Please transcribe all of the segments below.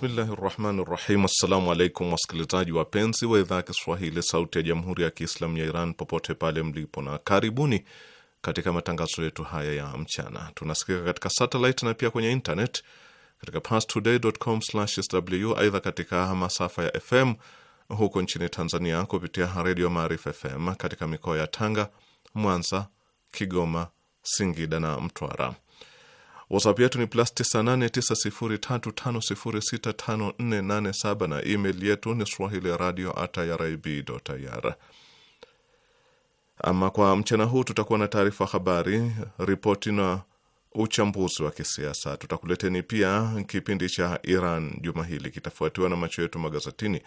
Bismillahi rahmani rahim. Assalamu alaikum wasikilizaji wapenzi wa idhaa ya Kiswahili sauti ya jamhuri ya Kiislamu ya Iran popote pale mlipo, na karibuni katika matangazo yetu haya ya mchana. Tunasikika katika satelit na pia kwenye internet katika pastoday.com/sw. Aidha, katika masafa ya FM huko nchini Tanzania kupitia redio Maarifa FM katika mikoa ya Tanga, Mwanza, Kigoma, Singida na Mtwara WhatsApp yetu ni plus 989035065487 na email yetu ni swahili radio at irib Ama kwa mchana huu tutakuwa na taarifa habari, ripoti na uchambuzi wa kisiasa. Tutakuleteni pia kipindi cha Iran juma hili, kitafuatiwa na macho yetu magazetini.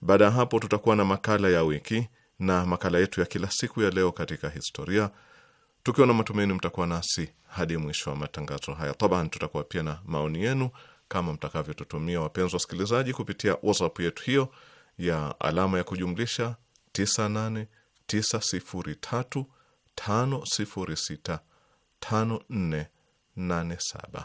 Baada ya hapo, tutakuwa na makala ya wiki na makala yetu ya kila siku ya leo katika historia tukiwa na matumaini mtakuwa nasi hadi mwisho wa matangazo haya. Taban, tutakuwa pia na maoni yenu kama mtakavyotutumia, wapenzi wasikilizaji, kupitia WhatsApp yetu hiyo ya alama ya kujumlisha 5487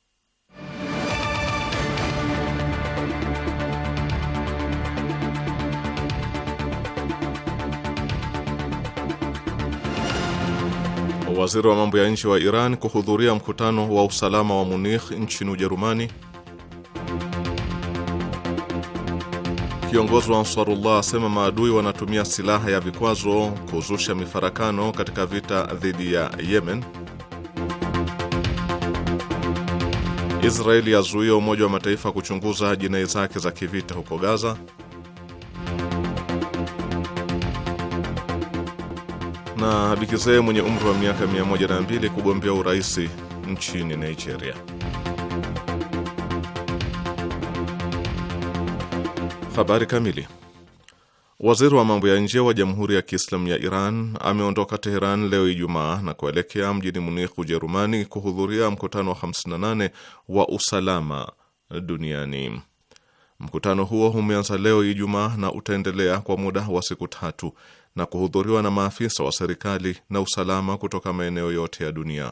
waziri wa mambo ya nje wa Iran kuhudhuria mkutano wa usalama wa Munich nchini Ujerumani. Kiongozi wa Ansarullah asema maadui wanatumia silaha ya vikwazo kuzusha mifarakano katika vita dhidi ya Yemen. Israeli yazuia Umoja wa Mataifa kuchunguza jinai zake za kivita huko Gaza. na bikizee mwenye umri wa miaka 102 kugombea urais nchini Nigeria. Habari kamili. Waziri wa mambo ya nje wa Jamhuri ya Kiislamu ya Iran ameondoka Teheran leo Ijumaa na kuelekea mjini Munich, Ujerumani, kuhudhuria mkutano wa 58 wa usalama duniani. Mkutano huo umeanza leo Ijumaa na utaendelea kwa muda wa siku tatu na kuhudhuriwa na maafisa wa serikali na usalama kutoka maeneo yote ya dunia.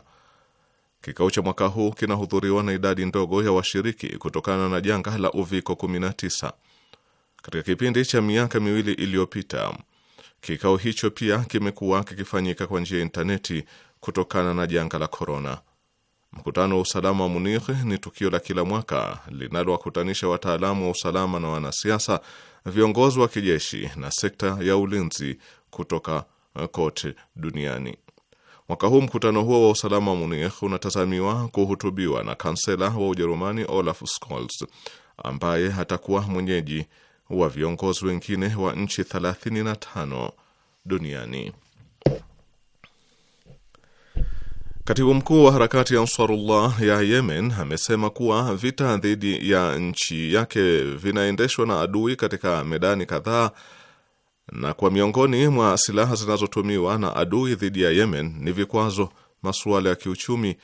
Kikao cha mwaka huu kinahudhuriwa na idadi ndogo ya washiriki kutokana na janga la uviko 19. Katika kipindi cha miaka miwili iliyopita, kikao hicho pia kimekuwa kikifanyika kwa njia ya intaneti kutokana na janga la korona. Mkutano wa usalama wa Munich ni tukio la kila mwaka linalowakutanisha wataalamu wa usalama na wanasiasa viongozi wa kijeshi na sekta ya ulinzi kutoka uh, kote duniani. Mwaka huu mkutano huo wa usalama wa Munich unatazamiwa kuhutubiwa na kansela wa Ujerumani Olaf Scholz ambaye atakuwa mwenyeji wa viongozi wengine wa nchi 35 duniani. Katibu mkuu wa harakati ya Ansarullah ya Yemen amesema kuwa vita dhidi ya nchi yake vinaendeshwa na adui katika medani kadhaa, na kwa miongoni mwa silaha zinazotumiwa na adui dhidi ya Yemen ni vikwazo, masuala ya kiuchumi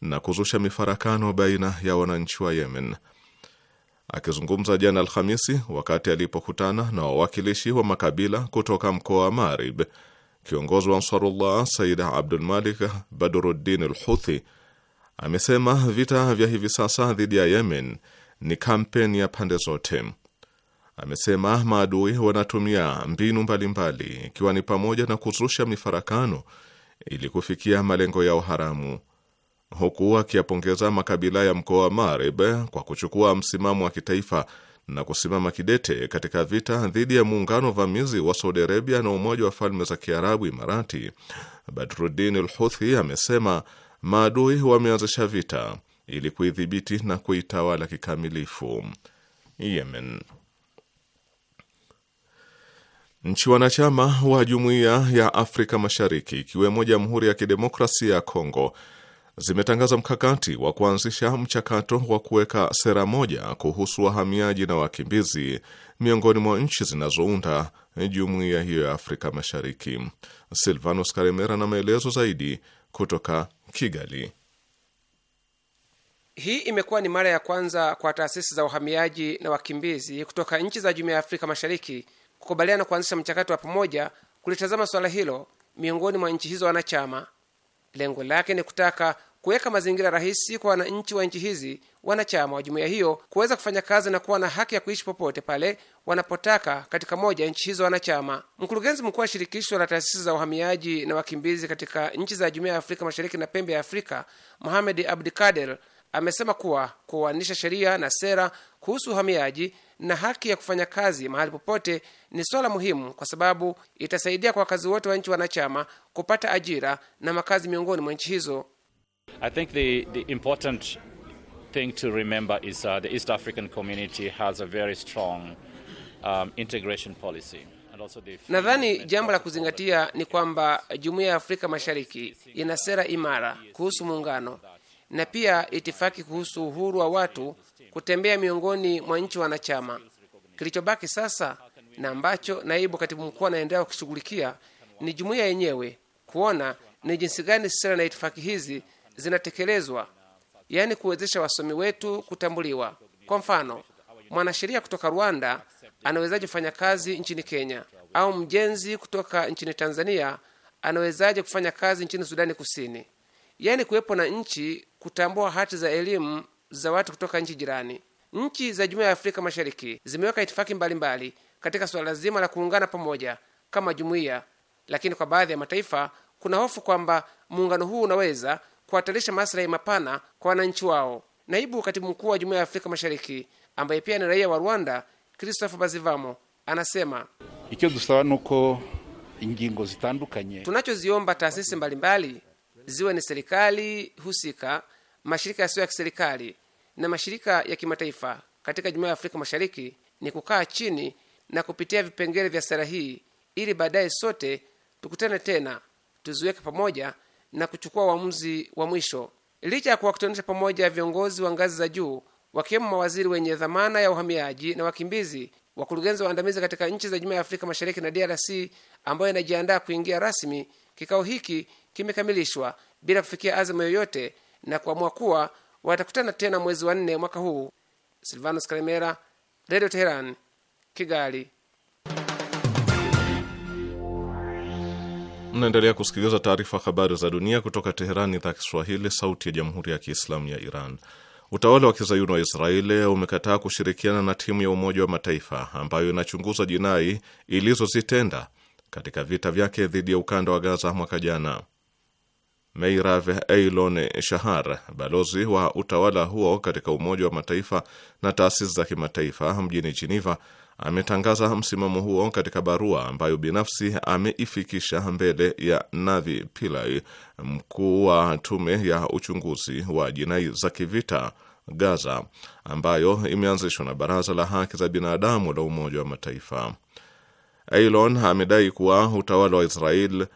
na kuzusha mifarakano baina ya wananchi wa Yemen. Akizungumza jana Alhamisi wakati alipokutana na wawakilishi wa makabila kutoka mkoa wa Marib Kiongozi wa Ansarullah Said Abdul Malik Badruddin al Huthi amesema vita vya hivi sasa dhidi ya Yemen ni kampeni ya pande zote. Amesema maadui wanatumia mbinu mbalimbali, ikiwa ni pamoja na kuzusha mifarakano ili kufikia malengo yao haramu, huku akiyapongeza makabila ya mkoa wa Marib kwa kuchukua msimamo wa kitaifa na kusimama kidete katika vita dhidi ya muungano vamizi wa Saudi Arabia na Umoja wa Falme za Kiarabu Imarati, Badruddin al Huthi amesema maadui wameanzisha vita ili kuidhibiti na kuitawala kikamilifu Yemen. Nchi wanachama wa Jumuiya ya Afrika Mashariki ikiwemo Jamhuri ya Kidemokrasia ya Kongo zimetangaza mkakati wa kuanzisha mchakato wa kuweka sera moja kuhusu wahamiaji na wakimbizi miongoni mwa nchi zinazounda jumuiya hiyo ya Afrika Mashariki. Silvanus Karemera na maelezo zaidi kutoka Kigali. Hii imekuwa ni mara ya kwanza kwa taasisi za uhamiaji na wakimbizi kutoka nchi za jumuiya ya Afrika Mashariki kukubaliana kuanzisha mchakato wa pamoja kulitazama swala hilo miongoni mwa nchi hizo wanachama Lengo lake ni kutaka kuweka mazingira rahisi kwa wananchi wa nchi hizi wanachama wa jumuiya hiyo kuweza kufanya kazi na kuwa na haki ya kuishi popote pale wanapotaka katika moja ya nchi hizo wanachama. Mkurugenzi mkuu wa shirikisho la taasisi za uhamiaji na wakimbizi katika nchi za jumuiya ya Afrika Mashariki na pembe ya Afrika, Mohamed abdikadel amesema kuwa kuanisha sheria na sera kuhusu uhamiaji na haki ya kufanya kazi mahali popote ni swala muhimu, kwa sababu itasaidia kwa wakazi wote wa nchi wanachama kupata ajira na makazi miongoni mwa nchi hizo. I think the, the important thing to remember is uh, the East African community has a very strong um, integration policy. Nadhani jambo la kuzingatia ni kwamba jumuiya ya Afrika Mashariki ina sera imara kuhusu muungano na pia itifaki kuhusu uhuru wa watu kutembea miongoni mwa nchi wanachama. Kilichobaki sasa na ambacho naibu katibu mkuu anaendelea kukishughulikia ni jumuiya yenyewe kuona ni jinsi gani sera na itifaki hizi zinatekelezwa, yaani kuwezesha wasomi wetu kutambuliwa. Kwa mfano, mwanasheria kutoka Rwanda anawezaje kufanya kazi nchini Kenya, au mjenzi kutoka nchini Tanzania anawezaje kufanya kazi nchini Sudani Kusini? Yaani kuwepo na nchi kutambua hati za elimu za watu kutoka nchi jirani. Nchi za Jumuiya ya Afrika Mashariki zimeweka itifaki mbalimbali mbali katika suala zima la kuungana pamoja kama jumuiya, lakini kwa baadhi ya mataifa kuna hofu kwamba muungano huu unaweza kuhatarisha maslahi mapana kwa wananchi wao. Naibu katibu mkuu wa Jumuiya ya Afrika Mashariki ambaye pia ni raia wa Rwanda, Christophe Bazivamo, anasema icyo dusaba nuko ingingo zitandukanye tunachoziomba taasisi mbalimbali ziwe ni serikali husika, mashirika yasiyo ya kiserikali na mashirika ya kimataifa katika jumuiya ya Afrika Mashariki ni kukaa chini na kupitia vipengele vya sera hii ili baadaye sote tukutane tena tuziweke pamoja na kuchukua uamuzi wa mwisho. Licha ya kuwakutanisha pamoja viongozi wa ngazi za juu wakiwemo mawaziri wenye dhamana ya uhamiaji na wakimbizi, wakurugenzi waandamizi katika nchi za jumuiya ya Afrika Mashariki na DRC ambayo inajiandaa kuingia rasmi, kikao hiki kimekamilishwa bila kufikia azma yoyote na kuamua kuwa watakutana tena mwezi wa nne mwaka huu. Silvanus Kalemera, Radio Teheran, Kigali. Mnaendelea kusikiliza taarifa habari za dunia kutoka Teherani, idhaa Kiswahili, sauti ya jamhuri ya kiislamu ya Iran. Utawala wa kizayuni wa Israeli umekataa kushirikiana na timu ya Umoja wa Mataifa ambayo inachunguza jinai ilizozitenda katika vita vyake dhidi ya ukanda wa Gaza mwaka jana. Meirav Eilon Shahar, balozi wa utawala huo katika Umoja wa Mataifa na taasisi za kimataifa mjini Geneva, ametangaza msimamo huo katika barua ambayo binafsi ameifikisha mbele ya Navi Pillay, mkuu wa tume ya uchunguzi wa jinai za kivita Gaza, ambayo imeanzishwa na Baraza la Haki za Binadamu la Umoja wa Mataifa. Eilon amedai kuwa utawala wa Israel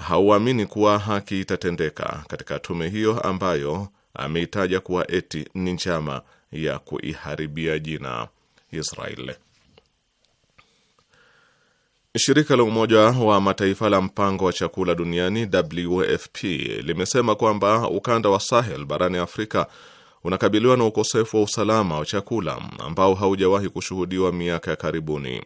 hauamini kuwa haki itatendeka katika tume hiyo ambayo ameitaja kuwa eti ni njama ya kuiharibia jina Israel. Shirika la Umoja wa Mataifa la Mpango wa Chakula Duniani, WFP, limesema kwamba ukanda wa Sahel barani Afrika unakabiliwa na ukosefu wa usalama wa chakula ambao haujawahi kushuhudiwa miaka ya karibuni.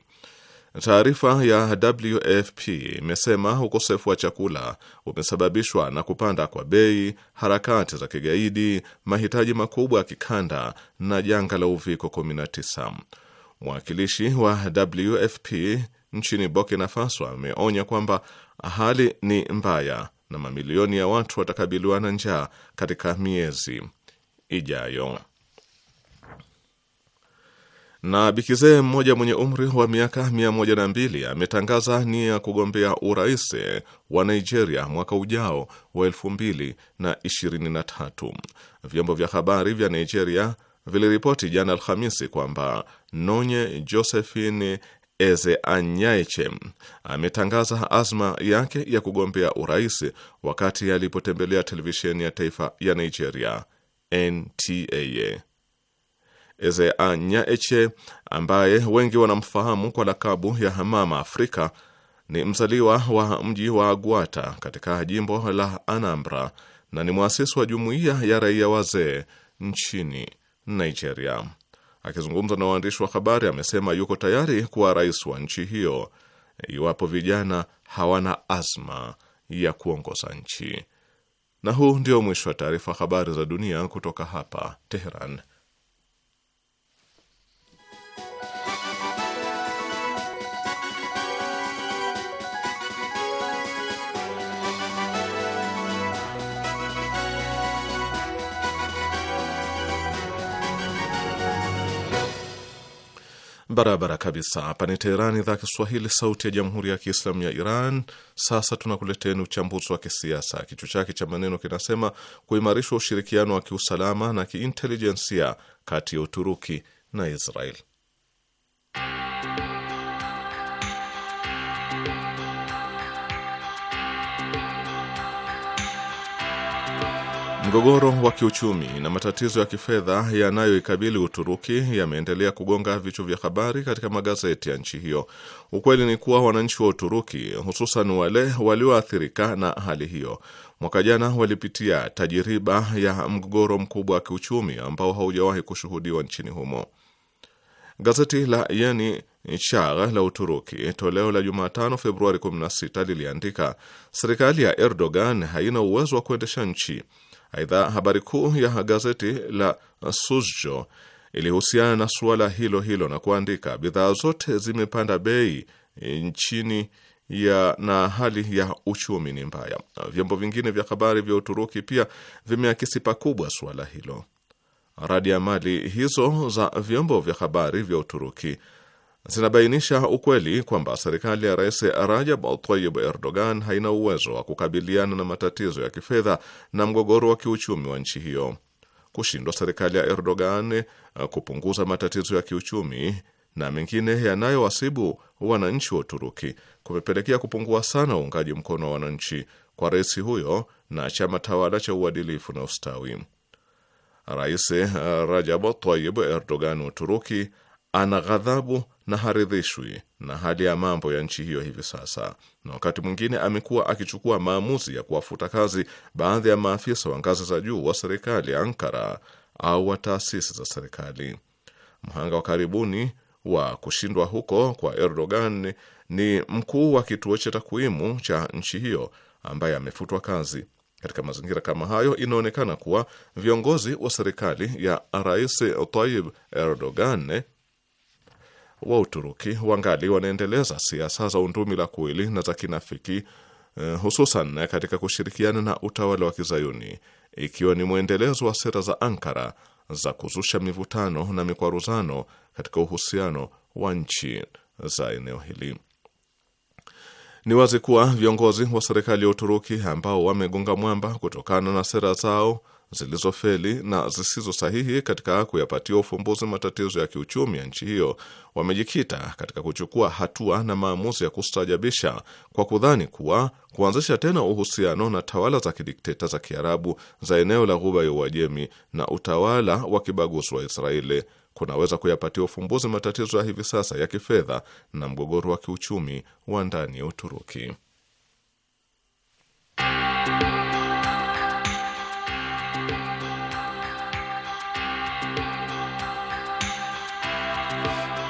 Taarifa ya WFP imesema ukosefu wa chakula umesababishwa na kupanda kwa bei, harakati za kigaidi, mahitaji makubwa ya kikanda na janga la uviko 19. Mwakilishi wa WFP nchini Burkina Faso ameonya kwamba hali ni mbaya na mamilioni ya watu watakabiliwa na njaa katika miezi ijayo. Na bikizee mmoja mwenye umri wa miaka mia moja na mbili ametangaza nia ya kugombea urais wa Nigeria mwaka ujao wa elfu mbili na ishirini na tatu. Vyombo vya habari vya Nigeria viliripoti jana Alhamisi kwamba Nonye Josephine Ezeanyaiche ametangaza azma yake ya kugombea urais wakati alipotembelea televisheni ya taifa ya Nigeria NTA nyaeche ambaye wengi wanamfahamu kwa lakabu ya Mama Afrika ni mzaliwa wa mji wa Guata katika jimbo la Anambra na ni mwasisi wa jumuiya ya raia wazee nchini Nigeria. Akizungumza na waandishi wa habari, amesema yuko tayari kuwa rais wa nchi hiyo iwapo vijana hawana azma ya kuongoza nchi. Na huu ndio mwisho wa taarifa habari za dunia kutoka hapa Teheran. Barabara kabisa. Hapa ni Teherani, idhaa Kiswahili, sauti ya jamhuri ya kiislamu ya Iran. Sasa tunakuleteni uchambuzi wa kisiasa, kichwa chake cha maneno kinasema kuimarishwa ushirikiano wa kiusalama na kiintelijensia kati ya Uturuki na Israeli. Mgogoro wa kiuchumi na matatizo ya kifedha yanayoikabili Uturuki yameendelea kugonga vichwa vya habari katika magazeti ya nchi hiyo. Ukweli ni kuwa wananchi wa Uturuki, hususan wale walioathirika na hali hiyo, mwaka jana walipitia tajiriba ya mgogoro mkubwa wa kiuchumi ambao haujawahi kushuhudiwa nchini humo. Gazeti la Yeni Chagha la Uturuki toleo la Jumatano Februari 16 liliandika, serikali ya Erdogan haina uwezo wa kuendesha nchi Aidha, habari kuu ya gazeti la Suzjo ilihusiana na suala hilo hilo na kuandika, bidhaa zote zimepanda bei nchini ya na hali ya uchumi ni mbaya. Vyombo vingine vya habari vya Uturuki pia vimeakisi pakubwa suala hilo. Radi ya mali hizo za vyombo vya habari vya Uturuki zinabainisha ukweli kwamba serikali ya Rais Rajab Tayyib Erdogan haina uwezo wa kukabiliana na matatizo ya kifedha na mgogoro wa kiuchumi wa nchi hiyo. Kushindwa serikali ya Erdogan eh, kupunguza matatizo ya kiuchumi na mengine yanayowasibu wananchi wa Uturuki kumepelekea kupungua sana uungaji mkono wa wananchi kwa rais huyo na chama tawala cha Uadilifu na Ustawi. Rais eh, Rajab Tayyib Erdogan wa Uturuki ana ghadhabu na haridhishwi na hali ya mambo ya nchi hiyo hivi sasa, na wakati mwingine amekuwa akichukua maamuzi ya kuwafuta kazi baadhi ya maafisa wa ngazi za juu wa serikali ya Ankara au wa taasisi za serikali. Mhanga wa karibuni wa kushindwa huko kwa Erdogan ni mkuu wa kituo cha takwimu cha nchi hiyo ambaye amefutwa kazi. Katika mazingira kama hayo, inaonekana kuwa viongozi wa serikali ya Rais Tayyip Erdogan wa Uturuki wangali wanaendeleza siasa za undumi la kuwili na za kinafiki eh, hususan katika kushirikiana na utawala wa kizayuni ikiwa ni mwendelezo wa sera za Ankara za kuzusha mivutano na mikwaruzano katika uhusiano wa nchi za eneo hili. Ni wazi kuwa viongozi wa serikali ya Uturuki ambao wamegonga mwamba kutokana na sera zao zilizofeli na zisizo sahihi katika kuyapatia ufumbuzi matatizo ya kiuchumi ya nchi hiyo, wamejikita katika kuchukua hatua na maamuzi ya kustajabisha kwa kudhani kuwa kuanzisha tena uhusiano na tawala za kidikteta za Kiarabu za eneo la Ghuba ya Uajemi na utawala wa kibaguzi wa Israeli kunaweza kuyapatia ufumbuzi matatizo ya hivi sasa ya kifedha na mgogoro wa kiuchumi wa ndani ya Uturuki.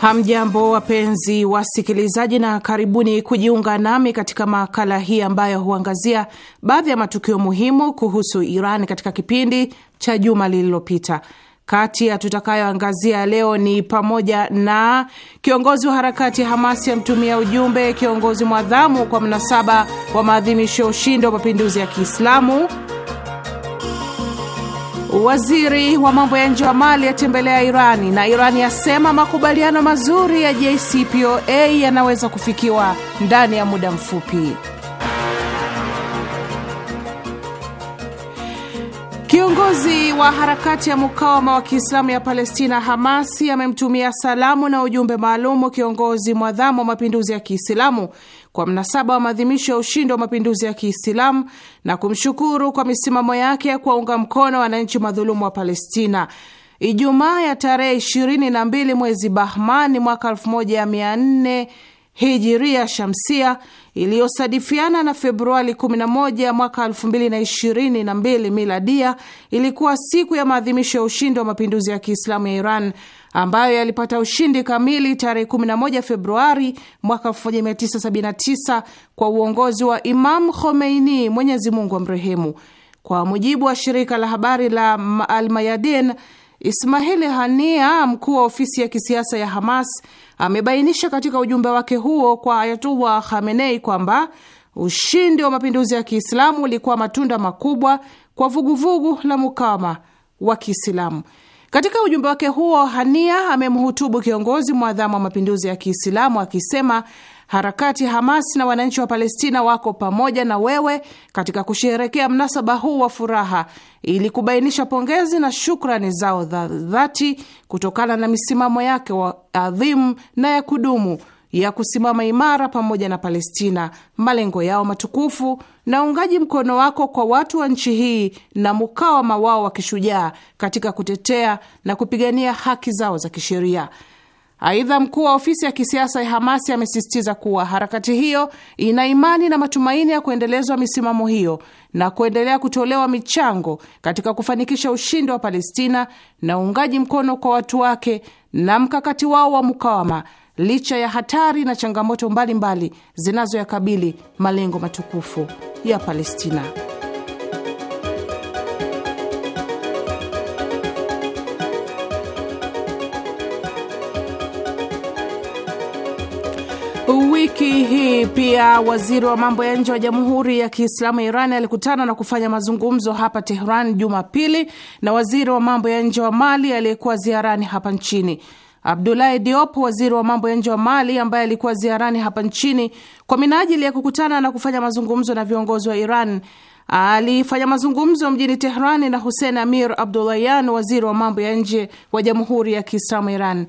Hamjambo, wapenzi wasikilizaji, na karibuni kujiunga nami katika makala hii ambayo huangazia baadhi ya matukio muhimu kuhusu Iran katika kipindi cha juma lililopita. Kati ya tutakayoangazia leo ni pamoja na kiongozi wa harakati Hamasi amtumia ujumbe kiongozi mwadhamu kwa mnasaba wa maadhimisho ya ushindi wa mapinduzi ya Kiislamu, Waziri wa mambo ya nje wa Mali atembelea Irani na Irani yasema makubaliano mazuri ya JCPOA yanaweza kufikiwa ndani ya muda mfupi. Kiongozi wa harakati ya mukawama wa Kiislamu ya Palestina Hamasi amemtumia salamu na ujumbe maalumu kiongozi mwadhamu wa mapinduzi ya Kiislamu kwa mnasaba wa maadhimisho ya ushindi wa mapinduzi ya Kiislamu na kumshukuru kwa misimamo yake ya kuwaunga mkono wananchi madhulumu wa Palestina. Ijumaa ya tarehe 22 mwezi Bahmani mwaka 1400 hijiria shamsia iliyosadifiana na Februari 11 mwaka 2022 miladia, ilikuwa siku ya maadhimisho ya ushindi wa mapinduzi ya Kiislamu ya Iran ambayo yalipata ushindi kamili tarehe 11 Februari mwaka 1979 kwa uongozi wa Imam Khomeini, Mwenyezi Mungu amrehemu. Kwa mujibu wa shirika la habari la Almayadin, ismaili Hania, mkuu wa ofisi ya kisiasa ya Hamas amebainisha katika ujumbe wake huo kwa Ayatullah Khamenei kwamba ushindi wa mapinduzi ya Kiislamu ulikuwa matunda makubwa kwa vuguvugu vugu la mukawama wa Kiislamu. Katika ujumbe wake huo, Hania amemhutubu kiongozi mwadhamu wa mapinduzi ya Kiislamu akisema Harakati Hamas na wananchi wa Palestina wako pamoja na wewe katika kusherehekea mnasaba huu wa furaha ili kubainisha pongezi na shukrani zao dhati kutokana na misimamo yake wa adhimu na ya kudumu ya kusimama imara pamoja na Palestina, malengo yao matukufu na uungaji mkono wako kwa watu wa nchi hii na mukawama wao wa kishujaa katika kutetea na kupigania haki zao za kisheria. Aidha, mkuu wa ofisi ya kisiasa ya Hamasi amesisitiza kuwa harakati hiyo ina imani na matumaini ya kuendelezwa misimamo hiyo na kuendelea kutolewa michango katika kufanikisha ushindi wa Palestina na uungaji mkono kwa watu wake na mkakati wao wa mukawama licha ya hatari na changamoto mbalimbali zinazoyakabili malengo matukufu ya Palestina. Wiki hii pia waziri wa mambo ya nje wa Jamhuri ya Kiislamu ya Iran alikutana na kufanya mazungumzo hapa Tehran Jumapili na waziri wa mambo ya nje wa Mali aliyekuwa ziarani hapa nchini. Abdulahi Diop, waziri wa mambo ya nje wa Mali ambaye alikuwa ziarani hapa nchini kwa minajili ya kukutana na kufanya mazungumzo na viongozi wa Iran, alifanya mazungumzo mjini tehran na Hussein Amir Abdulayan, waziri wa mambo ya nje wa Jamhuri ya Kiislamu Iran.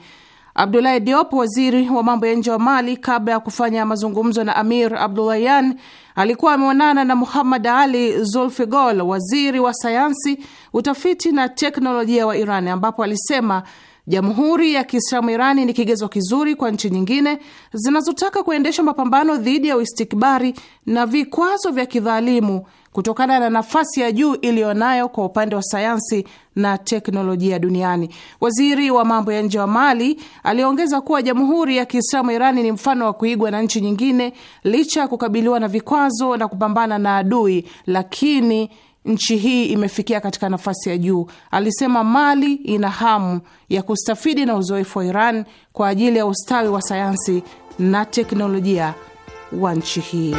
Abdoulaye Diop, waziri wa mambo ya nje wa Mali, kabla ya kufanya mazungumzo na Amir abdulayan alikuwa ameonana na Muhammad Ali Zulfigol, waziri wa sayansi, utafiti na teknolojia wa Iran, ambapo alisema Jamhuri ya Kiislamu Irani ni kigezo kizuri kwa nchi nyingine zinazotaka kuendesha mapambano dhidi ya uistikbari na vikwazo vya kidhalimu kutokana na nafasi ya juu iliyonayo kwa upande wa sayansi na teknolojia duniani. Waziri wa mambo ya nje wa Mali aliongeza kuwa Jamhuri ya Kiislamu Irani ni mfano wa kuigwa na nchi nyingine, licha ya kukabiliwa na vikwazo na kupambana na adui, lakini nchi hii imefikia katika nafasi ya juu. Alisema Mali ina hamu ya kustafidi na uzoefu wa Iran kwa ajili ya ustawi wa sayansi na teknolojia wa nchi hii.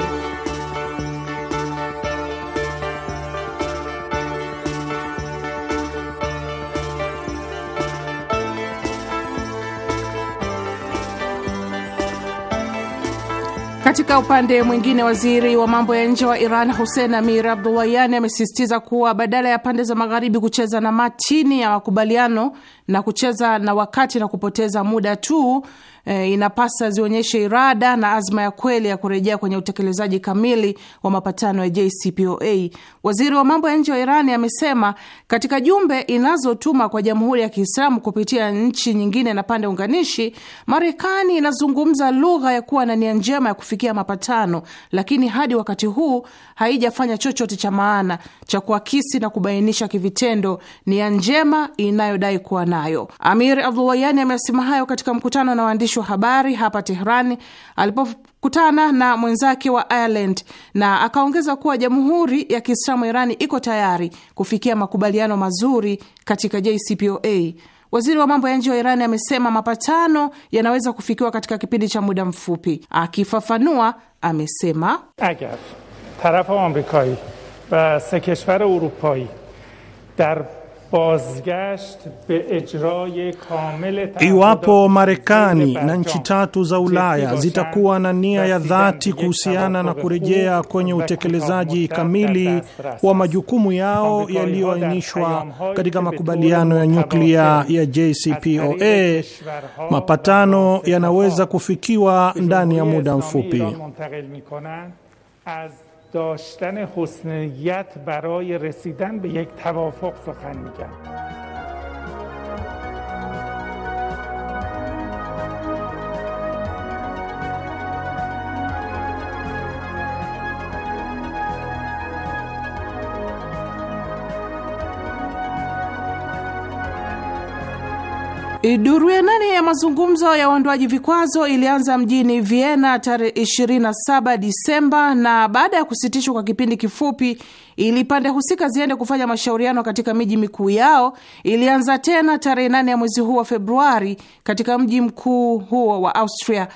Katika upande mwingine, waziri wa mambo ya nje wa Iran Hussein Amir abdullayani amesisitiza kuwa badala ya pande za magharibi kucheza na matini ya makubaliano na kucheza na wakati na kupoteza muda tu, eh, inapasa zionyeshe irada na azma ya kweli ya kurejea kwenye utekelezaji kamili wa mapatano ya JCPOA. Waziri wa mambo ya nje wa Irani amesema katika jumbe inazotuma kwa Jamhuri ya Kiislamu kupitia nchi nyingine na pande unganishi, Marekani inazungumza lugha ya kuwa na nia njema ya kufikia mapatano, lakini hadi wakati huu haijafanya chochote cha maana cha kuakisi na kubainisha kivitendo nia njema inayodai kuwa nayo. Amir Abdulayani amesema hayo katika mkutano na waandishi waandishi wa habari hapa Teherani alipokutana na mwenzake wa Ireland, na akaongeza kuwa Jamhuri ya Kiislamu Irani iko tayari kufikia makubaliano mazuri katika JCPOA. Waziri wa mambo ya nje wa Irani amesema mapatano yanaweza kufikiwa katika kipindi cha muda mfupi. Akifafanua amesema agar taraf amerikai se keshvar urupai dar Iwapo Marekani na nchi tatu za Ulaya zitakuwa na nia ya dhati kuhusiana na kurejea kwenye utekelezaji kamili wa majukumu yao yaliyoainishwa katika makubaliano ya nyuklia ya JCPOA, mapatano yanaweza kufikiwa ndani ya muda mfupi. داشتن حسنیت برای رسیدن به یک توافق سخن میگن Eh, duru ya nane ya mazungumzo ya uondoaji vikwazo ilianza mjini Vienna tarehe 27 Disemba, na baada ya kusitishwa kwa kipindi kifupi ili pande husika ziende kufanya mashauriano katika miji mikuu yao, ilianza tena tarehe 8 ya mwezi huu wa Februari katika mji mkuu huo wa Austria.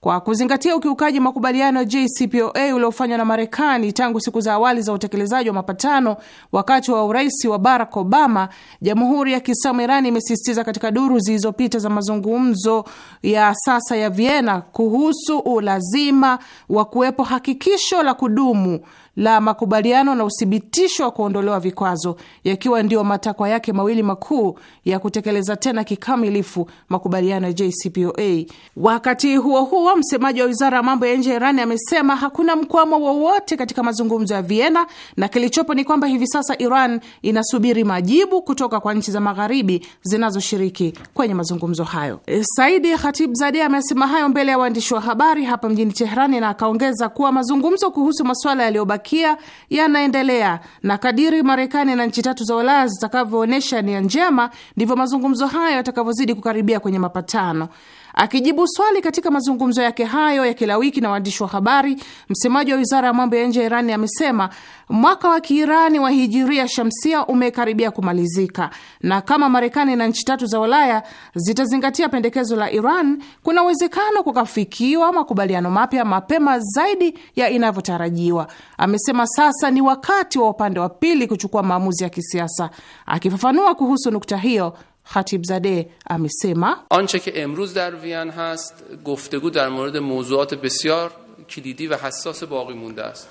Kwa kuzingatia ukiukaji makubaliano ya JCPOA uliofanywa na Marekani tangu siku za awali za utekelezaji wa mapatano wakati wa urais wa Barack Obama, Jamhuri ya Kiislamu Irani imesisitiza katika duru zilizopita za mazungumzo ya sasa ya Vienna kuhusu ulazima wa kuwepo hakikisho la kudumu la makubaliano na uthibitisho wa kuondolewa vikwazo yakiwa ndiyo matakwa yake mawili makuu ya kutekeleza tena kikamilifu makubaliano ya JCPOA. Wakati huo huo, msemaji wa wizara ya mambo ya nje ya Iran amesema hakuna mkwamo wowote katika mazungumzo ya Vienna, na kilichopo ni kwamba hivi sasa Iran inasubiri majibu kutoka kwa nchi za Magharibi zinazoshiriki kwenye mazungumzo hayo. Saidi Khatibzadeh amesema hayo mbele ya waandishi wa habari hapa mjini Teherani na akaongeza kuwa mazungumzo kuhusu masuala yaliyobaki yaliyobakia yanaendelea, na kadiri Marekani na nchi tatu za Ulaya zitakavyoonyesha nia njema, ndivyo mazungumzo hayo yatakavyozidi kukaribia kwenye mapatano. Akijibu swali katika mazungumzo yake hayo ya kila wiki na waandishi wa habari, msemaji wa wizara ya mambo ya nje ya Irani amesema mwaka wa Kiirani wa hijiria shamsia umekaribia kumalizika, na kama Marekani na nchi tatu za Ulaya zitazingatia pendekezo la Iran, kuna uwezekano kukafikiwa makubaliano mapya mapema zaidi ya inavyotarajiwa. Amesema sasa ni wakati wa upande wa pili kuchukua maamuzi ya kisiasa. Akifafanua kuhusu nukta hiyo Khatibzadeh amesema anche ke emruz dar Vian hast guftegu dar morad mawzuat besyar kilidi va hassas baqi moonde ast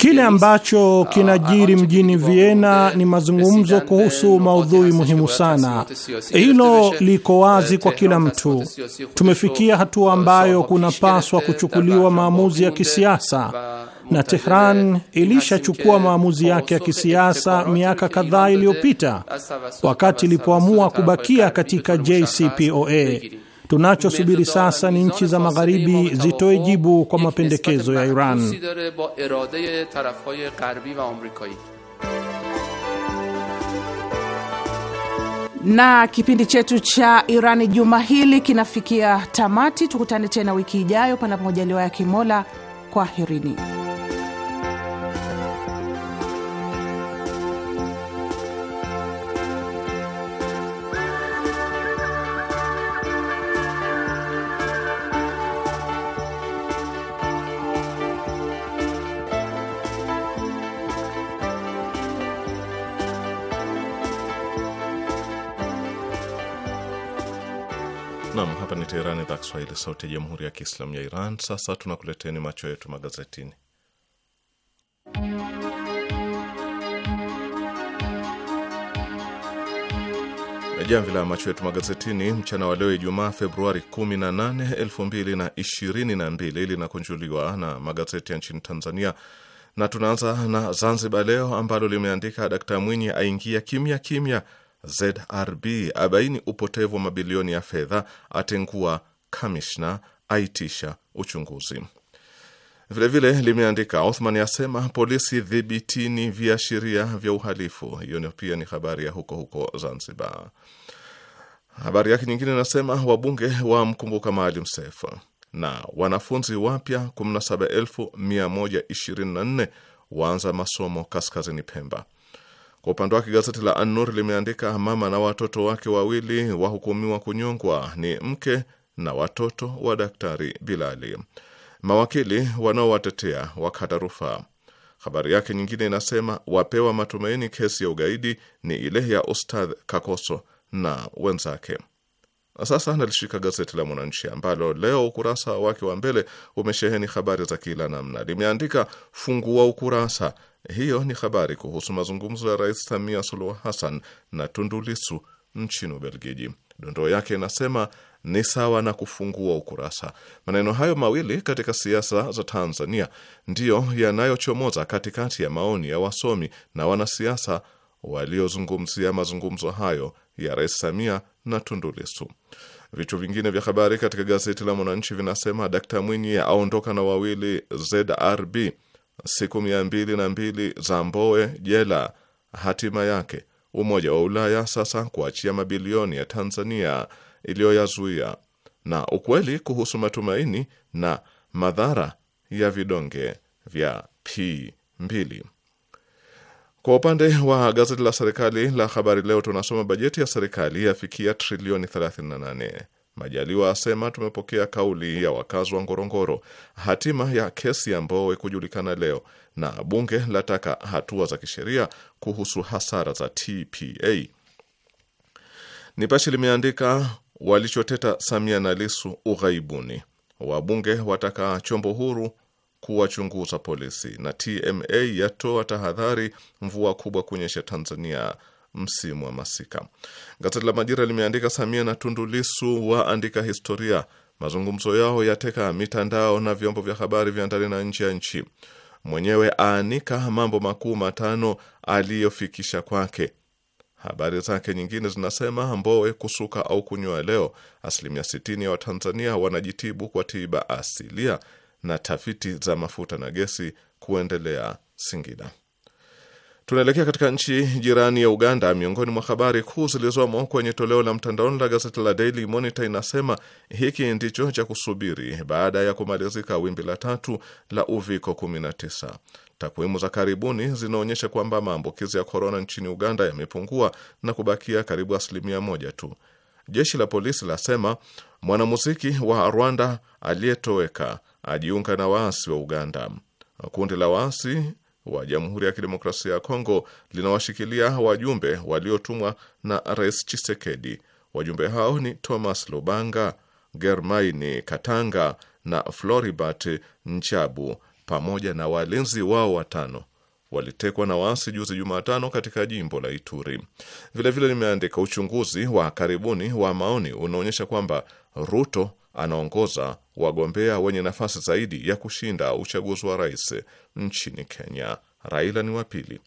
Kile ambacho kinajiri mjini Vienna ni mazungumzo kuhusu maudhui muhimu sana. Hilo liko wazi kwa kila mtu. Tumefikia hatua ambayo kunapaswa kuchukuliwa maamuzi ya kisiasa na Tehran ilishachukua maamuzi yake ya kisiasa miaka kadhaa iliyopita wakati ilipoamua kubakia katika JCPOA. Tunachosubiri sasa ni nchi za Magharibi zitoe jibu kwa mapendekezo ya Iran. Na kipindi chetu cha Irani juma hili kinafikia tamati. Tukutane tena wiki ijayo, panapo majaliwa ya Kimola. Kwaherini. Kiswahili, sauti ya jamhuri ya kiislamu ya Iran. Sasa tunakuleteni macho yetu magazetini. Jamvi la macho yetu magazetini mchana wa leo Ijumaa, Februari 18, 2022 linakunjuliwa na magazeti ya nchini Tanzania na tunaanza na Zanzibar Leo ambalo limeandika Dkt Mwinyi aingia kimya kimya, ZRB abaini upotevu wa mabilioni ya fedha, atengua kamishna aitisha uchunguzi. Vilevile limeandika Othman asema polisi dhibitini viashiria vya uhalifu. Hiyo pia ni habari ya huko huko Zanzibar. Habari yake nyingine inasema wabunge wamkumbuka Maalim Seif na wanafunzi wapya 17124 waanza masomo kaskazini Pemba. Kwa upande wake gazeti la An-Nur limeandika mama na watoto wake wawili wahukumiwa kunyongwa, ni mke na watoto wa Daktari Bilali, mawakili wanaowatetea wakata rufaa. Habari yake nyingine inasema wapewa matumaini kesi ya ugaidi ni ile ya Ustadh Kakoso na wenzake. Sasa nalishika gazeti la Mwananchi ambalo leo ukurasa wake wa mbele umesheheni habari za kila namna. Limeandika fungua ukurasa, hiyo ni habari kuhusu mazungumzo ya Rais Samia Suluhu Hassan na Tundu Lissu nchini Ubelgiji. Dondoo yake inasema ni sawa na kufungua ukurasa. Maneno hayo mawili katika siasa za Tanzania ndiyo yanayochomoza katikati ya maoni ya wasomi na wanasiasa waliozungumzia mazungumzo hayo ya Rais Samia na Tundu Lissu. Vichwa vingine vya habari katika gazeti la Mwananchi vinasema Dkt Mwinyi aondoka na wawili ZRB, siku mia mbili na mbili za Mbowe jela hatima yake. Umoja wa Ulaya sasa kuachia mabilioni ya Tanzania iliyoyazuia na ukweli kuhusu matumaini na madhara ya vidonge vya P2. Kwa upande wa gazeti la serikali la Habari Leo tunasoma bajeti ya serikali yafikia trilioni 38. Majaliwa asema tumepokea kauli ya wakazi wa Ngorongoro. Hatima ya kesi ya Mbowe kujulikana leo, na bunge lataka hatua za kisheria kuhusu hasara za TPA. Nipashe limeandika walichoteta Samia na Lisu ughaibuni, wabunge wataka chombo huru kuwachunguza polisi, na TMA yatoa tahadhari mvua kubwa kunyesha Tanzania msimu wa masika. Gazeti la Majira limeandika Samia na Tundu Lisu waandika historia, mazungumzo yao yateka mitandao na vyombo vya habari vya ndani na nje ya nchi. Mwenyewe aanika mambo makuu matano aliyofikisha kwake Habari zake nyingine zinasema Mbowe kusuka au kunywa leo, asilimia 60 ya Watanzania wanajitibu kwa tiba asilia, na tafiti za mafuta na gesi kuendelea Singida. Tunaelekea katika nchi jirani ya Uganda. Miongoni mwa habari kuu zilizomo kwenye toleo la mtandaoni la gazeti la Daily Monitor inasema hiki ndicho cha kusubiri baada ya kumalizika wimbi la tatu la uviko 19. Takwimu za karibuni zinaonyesha kwamba maambukizi ya korona nchini Uganda yamepungua na kubakia karibu asilimia moja tu. Jeshi la polisi lasema mwanamuziki wa Rwanda aliyetoweka ajiunga na waasi wa Uganda. Kundi la waasi wa Jamhuri ya Kidemokrasia ya Kongo linawashikilia wajumbe waliotumwa na Rais Chisekedi. Wajumbe hao ni Thomas Lubanga, Germaini Katanga na Floribert Nchabu pamoja na walinzi wao watano walitekwa na waasi juzi Jumatano katika jimbo la Ituri. Vilevile limeandika uchunguzi wa karibuni wa maoni unaonyesha kwamba Ruto anaongoza wagombea wenye nafasi zaidi ya kushinda uchaguzi wa rais nchini Kenya. Raila ni wa pili.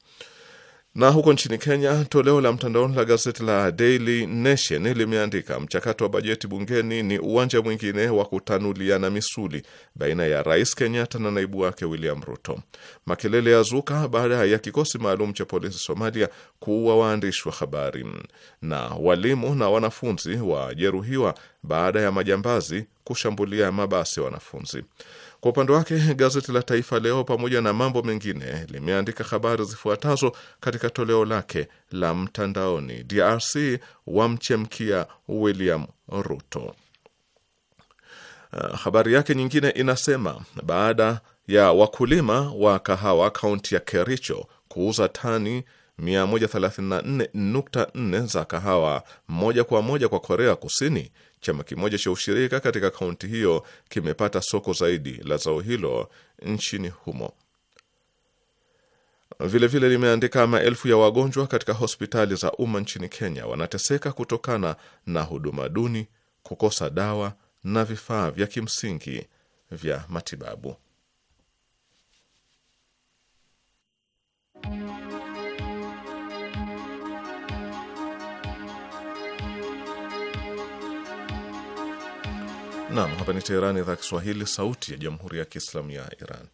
Na huko nchini Kenya, toleo la mtandaoni la gazeti la Daily Nation limeandika mchakato wa bajeti bungeni ni uwanja mwingine wa kutanuliana misuli baina ya Rais Kenyatta na naibu wake William Ruto. Makelele ya zuka baada ya kikosi maalum cha polisi Somalia kuua waandishi wa habari, na walimu na wanafunzi wajeruhiwa baada ya majambazi kushambulia mabasi ya wanafunzi. Kwa upande wake gazeti la Taifa Leo pamoja na mambo mengine limeandika habari zifuatazo katika toleo lake la mtandaoni: DRC wamchemkia William Ruto. Uh, habari yake nyingine inasema baada ya wakulima wa kahawa kaunti ya Kericho kuuza tani 134.4 za kahawa moja kwa moja kwa Korea Kusini Chama kimoja cha ushirika katika kaunti hiyo kimepata soko zaidi la zao hilo nchini humo. Vilevile vile limeandika maelfu ya wagonjwa katika hospitali za umma nchini Kenya wanateseka kutokana na huduma duni, kukosa dawa na vifaa vya kimsingi vya matibabu. Naam, hapa ni Teherani, idhaa Kiswahili, sauti ya jamhuri ya kiislamu ya Iran.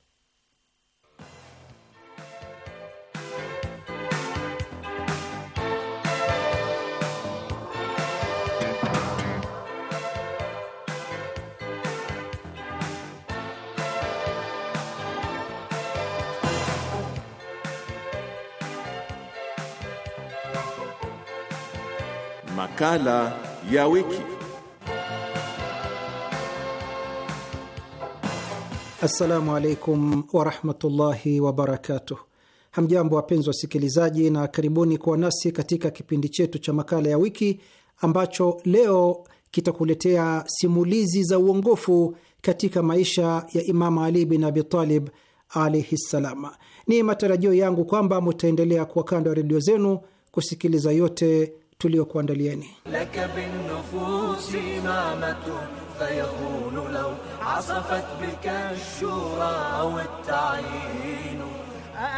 Makala ya wiki. Assalamu alaikum warahmatullahi wabarakatuh. Hamjambo wapenzi wasikilizaji, na karibuni kuwa nasi katika kipindi chetu cha makala ya wiki ambacho leo kitakuletea simulizi za uongofu katika maisha ya Imamu Ali bin Abitalib alaihi ssalam. Ni matarajio yangu kwamba mutaendelea kuwa kando ya redio zenu kusikiliza yote tuliyokuandalieni. فيكون لو عصفت بك الشورى أو التعيين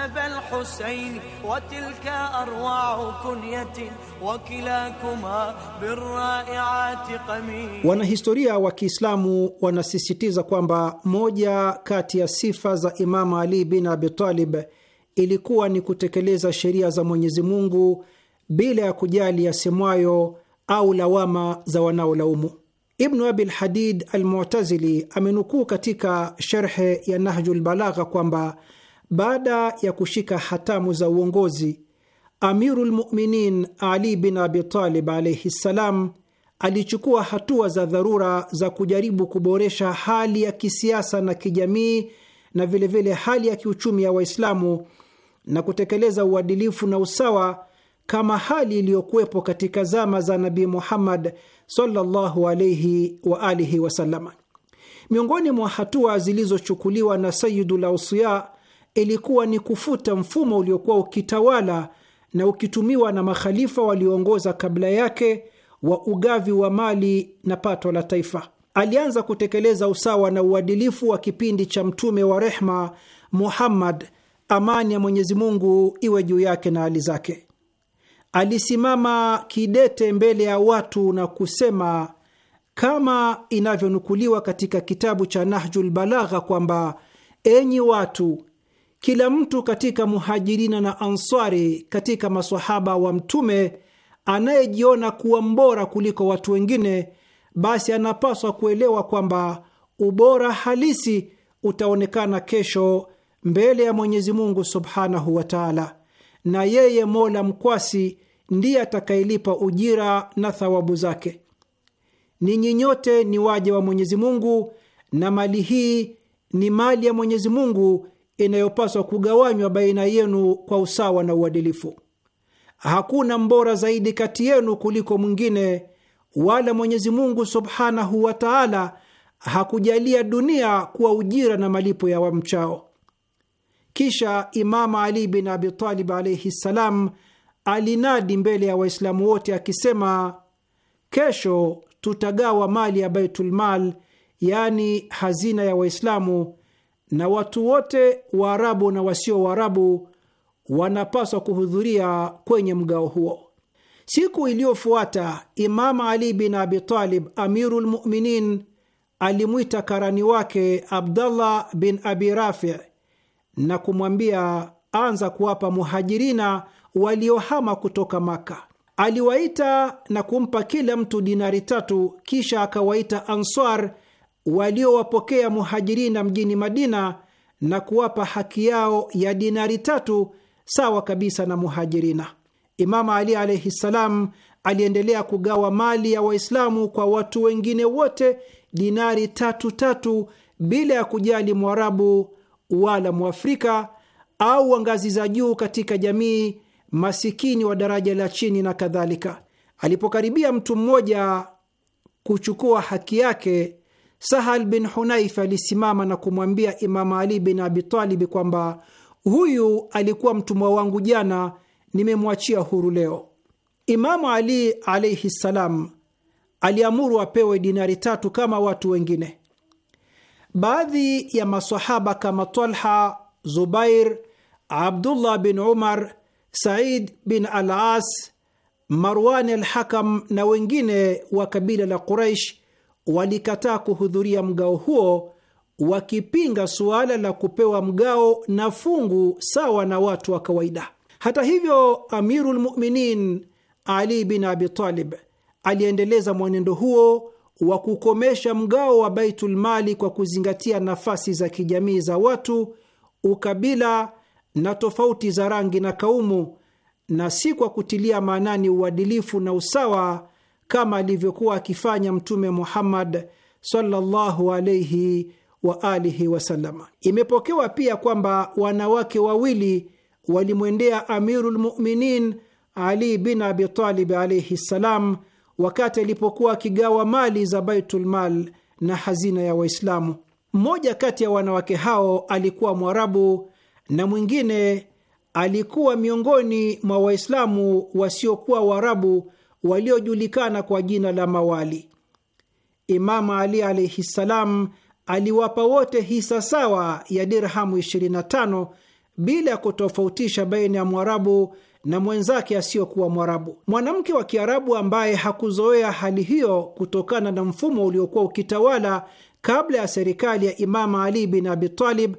أبا الحسين وتلك أروع كنية وكلاكما بالرائعات قمين. Wanahistoria wa Kiislamu wanasisitiza kwamba moja kati ya sifa za Imamu Ali bin Abi Talib ilikuwa ni kutekeleza sheria za Mwenyezi Mungu bila ya kujali yasemwayo au lawama za wanaolaumu. Ibnu Abil Hadid Almutazili amenukuu katika sherhe ya Nahju Lbalagha kwamba baada ya kushika hatamu za uongozi, Amiru Lmuminin Ali bin Abitalib alaihi ssalam alichukua hatua za dharura za kujaribu kuboresha hali ya kisiasa na kijamii na vilevile vile hali ya kiuchumi ya Waislamu na kutekeleza uadilifu na usawa kama hali iliyokuwepo katika zama za Nabii Muhammad sallallahu alaihi wa alihi wasallam. Miongoni mwa hatua zilizochukuliwa na Sayidul Ausiya ilikuwa ni kufuta mfumo uliokuwa ukitawala na ukitumiwa na makhalifa walioongoza kabla yake wa ugavi wa mali na pato la taifa. Alianza kutekeleza usawa na uadilifu wa kipindi cha mtume wa rehma Muhammad, amani ya Mwenyezi Mungu iwe juu yake na hali zake alisimama kidete mbele ya watu na kusema kama inavyonukuliwa katika kitabu cha Nahjul Balagha kwamba enyi watu, kila mtu katika Muhajirina na Answari, katika masahaba wa Mtume anayejiona kuwa mbora kuliko watu wengine, basi anapaswa kuelewa kwamba ubora halisi utaonekana kesho mbele ya Mwenyezi Mungu subhanahu wa taala, na yeye Mola mkwasi ndiye atakayelipa ujira na thawabu zake. Ninyi nyote ni waja wa Mwenyezi Mungu na mali hii ni mali ya Mwenyezi Mungu inayopaswa kugawanywa baina yenu kwa usawa na uadilifu. Hakuna mbora zaidi kati yenu kuliko mwingine, wala Mwenyezi Mungu subhanahu wa taala hakujalia dunia kuwa ujira na malipo ya wamchao. Kisha Imama Ali bin Abi Talib alaihi ssalam alinadi mbele ya Waislamu wote akisema, kesho tutagawa mali ya Baitulmal, yaani hazina ya Waislamu, na watu wote Waarabu na wasio Waarabu wanapaswa kuhudhuria kwenye mgao huo. Siku iliyofuata Imam Ali bin Abi Talib Amirul alimwita karani wake Abdallah bin Abi Rafi na kumwambia, anza kuwapa Muhajirina waliohama kutoka Maka. Aliwaita na kumpa kila mtu dinari tatu, kisha akawaita Answar waliowapokea Muhajirina mjini Madina na kuwapa haki yao ya dinari tatu sawa kabisa na Muhajirina. Imama Ali alaihi ssalam aliendelea kugawa mali ya Waislamu kwa watu wengine wote dinari tatu tatu, bila ya kujali Mwarabu wala Mwafrika au wa ngazi za juu katika jamii masikini wa daraja la chini na kadhalika. Alipokaribia mtu mmoja kuchukua haki yake, Sahal bin Hunaifa alisimama na kumwambia Imamu Ali bin Abitalib kwamba huyu alikuwa mtumwa wangu jana, nimemwachia huru leo. Imamu Ali alaihi ssalam aliamuru apewe dinari tatu kama watu wengine. Baadhi ya masahaba kama Talha, Zubair, Abdullah bin Umar Said bin Alas, Marwan al-Hakam na wengine wa kabila la Quraish walikataa kuhudhuria mgao huo, wakipinga suala la kupewa mgao na fungu sawa na watu wa kawaida. Hata hivyo, Amirul Muminin Ali bin Abi Talib aliendeleza mwenendo huo wa kukomesha mgao wa Baitul Mali kwa kuzingatia nafasi za kijamii za watu, ukabila na tofauti za rangi na kaumu, na si kwa kutilia maanani uadilifu na usawa kama alivyokuwa akifanya Mtume Muhammad sallallahu wa alihi wasallam. Imepokewa pia kwamba wanawake wawili walimwendea amirulmuminin Ali bin Abitalib alaihi ssalam wakati alipokuwa akigawa mali za Baitulmal na hazina ya Waislamu. Mmoja kati ya wanawake hao alikuwa Mwarabu na mwingine alikuwa miongoni mwa Waislamu wasiokuwa Waarabu waliojulikana kwa jina la Mawali. Imamu Ali alaihi ssalam aliwapa wote hisa sawa ya dirhamu 25 bila ya kutofautisha baina ya Mwarabu na mwenzake asiyokuwa Mwarabu. Mwanamke wa Kiarabu ambaye hakuzoea hali hiyo kutokana na mfumo uliokuwa ukitawala kabla ya serikali ya Imamu Ali bin Abi Talib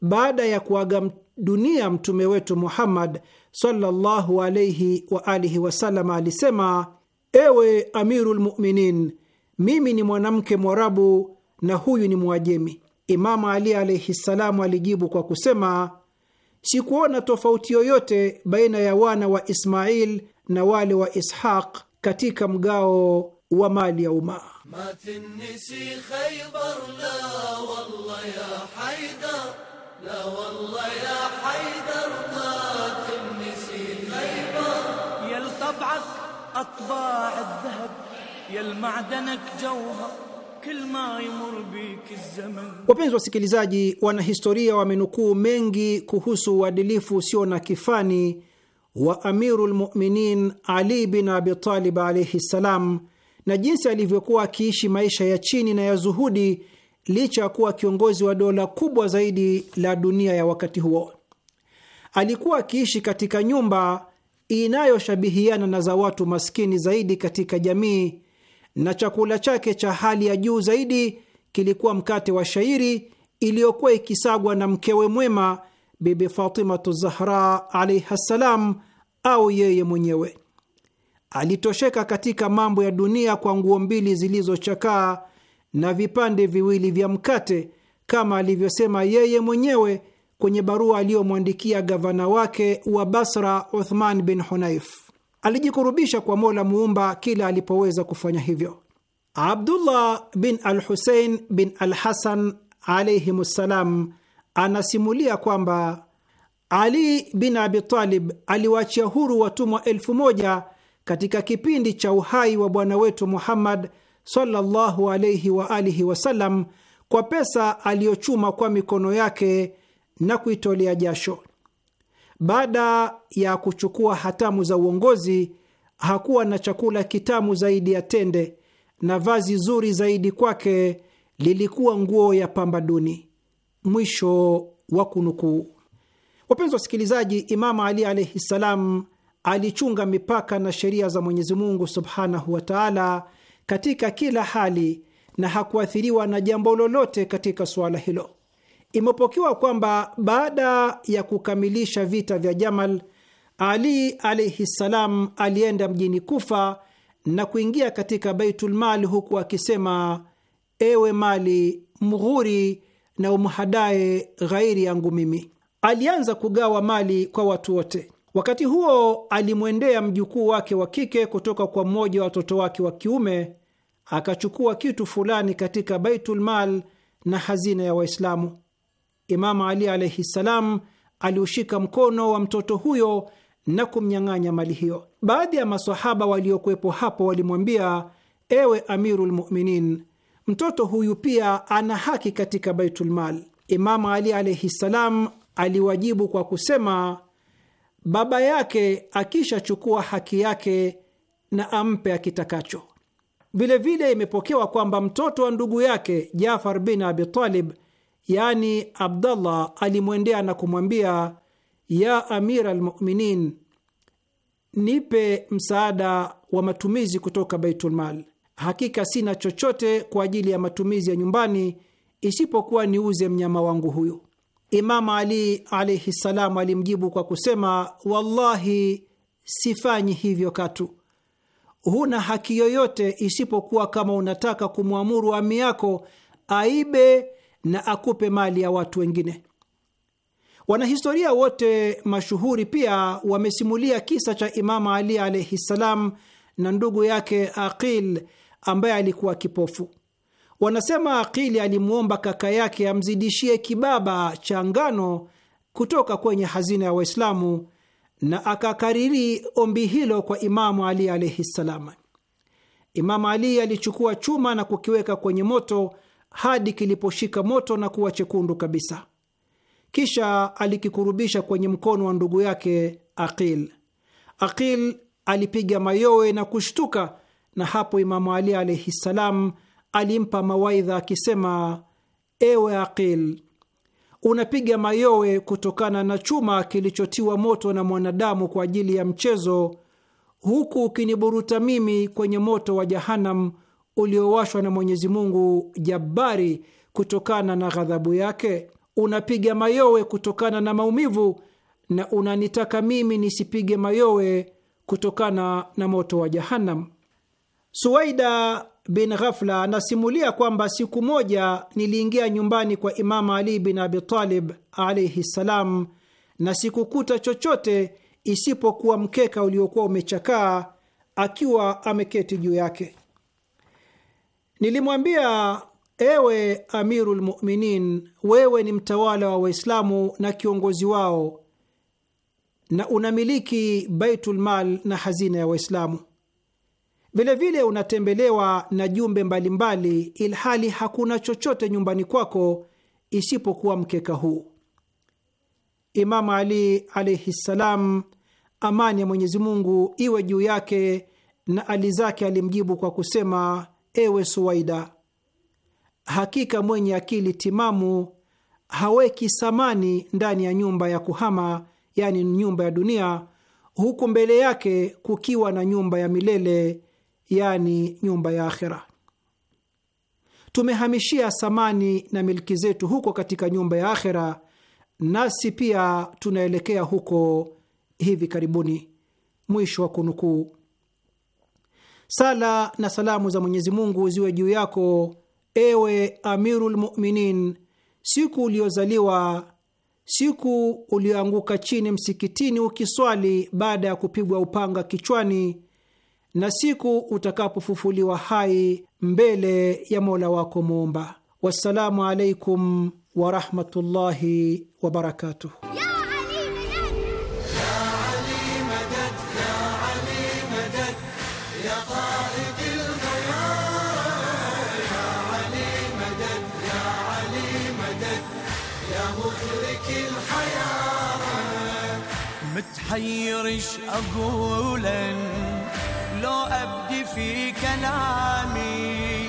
baada ya kuaga dunia mtume wetu Muhammad sallallahu alayhi wa alihi wasallam alisema: ewe amiru lmuminin, mimi ni mwanamke Mwarabu na huyu ni Mwajemi. Imamu Ali alaihi ssalamu alijibu kwa kusema, sikuona tofauti yoyote baina ya wana wa Ismail na wale wa Ishaq katika mgao wa mali ya umma. Wapenzi wasikilizaji, wanahistoria wamenukuu mengi kuhusu uadilifu usio na kifani wa Amiru lmuminin Ali bin Abitalib alaihi ssalam, na jinsi alivyokuwa akiishi maisha ya chini na ya zuhudi licha ya kuwa kiongozi wa dola kubwa zaidi la dunia ya wakati huo. Alikuwa akiishi katika nyumba inayoshabihiana na za watu maskini zaidi katika jamii, na chakula chake cha hali ya juu zaidi kilikuwa mkate wa shairi iliyokuwa ikisagwa na mkewe mwema Bibi Fatimatu Zahra alaihi ssalam, au yeye mwenyewe. Alitosheka katika mambo ya dunia kwa nguo mbili zilizochakaa na vipande viwili vya mkate kama alivyosema yeye mwenyewe kwenye barua aliyomwandikia gavana wake wa Basra Uthman bin Hunaif. Alijikurubisha kwa Mola muumba kila alipoweza kufanya hivyo. Abdullah bin al Husein bin al Hasan alaihim ssalam anasimulia kwamba Ali bin Abitalib aliwaachia huru watumwa elfu moja katika kipindi cha uhai wa bwana wetu Muhammad sallallahu alayhi wa alihi wasallam kwa pesa aliyochuma kwa mikono yake na kuitolea jasho. Baada ya kuchukua hatamu za uongozi, hakuwa na chakula kitamu zaidi ya tende, na vazi zuri zaidi kwake lilikuwa nguo ya pamba duni. Mwisho wa kunukuu. Wapenzi wasikilizaji, Imamu Ali alaihi ssalam alichunga mipaka na sheria za Mwenyezi Mungu subhanahu wa taala katika kila hali na hakuathiriwa na jambo lolote katika suala hilo. Imepokewa kwamba baada ya kukamilisha vita vya Jamal, Ali alaihi ssalam alienda mjini Kufa na kuingia katika baitulmal huku akisema, ewe mali mghuri na umhadae ghairi yangu mimi. Alianza kugawa mali kwa watu wote. Wakati huo alimwendea mjukuu wake wa kike kutoka kwa mmoja wa watoto wake wa kiume akachukua kitu fulani katika Baitulmal na hazina ya Waislamu. Imamu Ali alaihi ssalam aliushika mkono wa mtoto huyo na kumnyang'anya mali hiyo. Baadhi ya masahaba waliokuwepo hapo walimwambia, ewe Amirul Muminin, mtoto huyu pia ana haki katika Baitulmal. Imamu Ali alaihi ssalam aliwajibu kwa kusema, baba yake akishachukua haki yake na ampe akitakacho. Vilevile imepokewa kwamba mtoto wa ndugu yake Jafar bin Abi Talib, Abdallah, alimwendea na kumwambia ya amir almuminin, nipe msaada wa matumizi kutoka Baitulmal. Hakika sina chochote kwa ajili ya matumizi ya nyumbani isipokuwa niuze mnyama wangu huyu. Imamu Ali alaihi ssalam alimjibu kwa kusema, wallahi sifanyi hivyo katu huna haki yoyote isipokuwa kama unataka kumwamuru ami yako aibe na akupe mali ya watu wengine. Wanahistoria wote mashuhuri pia wamesimulia kisa cha Imamu Ali alaihi ssalam na ndugu yake Aqil ambaye alikuwa kipofu. Wanasema Aqili alimwomba kaka yake amzidishie kibaba cha ngano kutoka kwenye hazina ya Waislamu na akakariri ombi hilo kwa Imamu Ali alaihi ssalam. Imamu Ali alichukua chuma na kukiweka kwenye moto hadi kiliposhika moto na kuwa chekundu kabisa, kisha alikikurubisha kwenye mkono wa ndugu yake Aqil. Aqil alipiga mayowe na kushtuka, na hapo Imamu Ali alaihi ssalam alimpa mawaidha akisema, ewe Aqil, unapiga mayowe kutokana na chuma kilichotiwa moto na mwanadamu kwa ajili ya mchezo, huku ukiniburuta mimi kwenye moto wa Jahanam uliowashwa na Mwenyezi Mungu Jabbari kutokana na ghadhabu yake. Unapiga mayowe kutokana na maumivu na unanitaka mimi nisipige mayowe kutokana na moto wa Jahanam. Suwaida bin Ghafla anasimulia kwamba siku moja niliingia nyumbani kwa Imamu Ali bin Abitalib alaihi ssalam, na sikukuta chochote isipokuwa mkeka uliokuwa umechakaa akiwa ameketi juu yake. Nilimwambia, ewe Amiru lmuminin, wewe ni mtawala wa Waislamu na kiongozi wao na unamiliki Baitulmal na hazina ya Waislamu. Vilevile unatembelewa na jumbe mbalimbali, ilhali hakuna chochote nyumbani kwako isipokuwa mkeka huu. Imamu Ali alaihi ssalam, amani ya Mwenyezi Mungu iwe juu yake na ali zake, alimjibu kwa kusema: ewe Suwaida, hakika mwenye akili timamu haweki samani ndani ya nyumba ya kuhama, yani nyumba ya dunia, huku mbele yake kukiwa na nyumba ya milele yani nyumba ya akhira. Tumehamishia samani na milki zetu huko katika nyumba ya akhera, nasi pia tunaelekea huko hivi karibuni. Mwisho wa kunukuu. Sala na salamu za Mwenyezi Mungu ziwe juu yako, ewe Amirul Muminin, siku uliozaliwa, siku ulioanguka chini msikitini ukiswali baada ya kupigwa upanga kichwani na siku utakapofufuliwa hai mbele ya Mola wako Muumba. Wassalamu alaikum warahmatullahi wabarakatuh. متحير ايش اقول لو أبدي في كلامي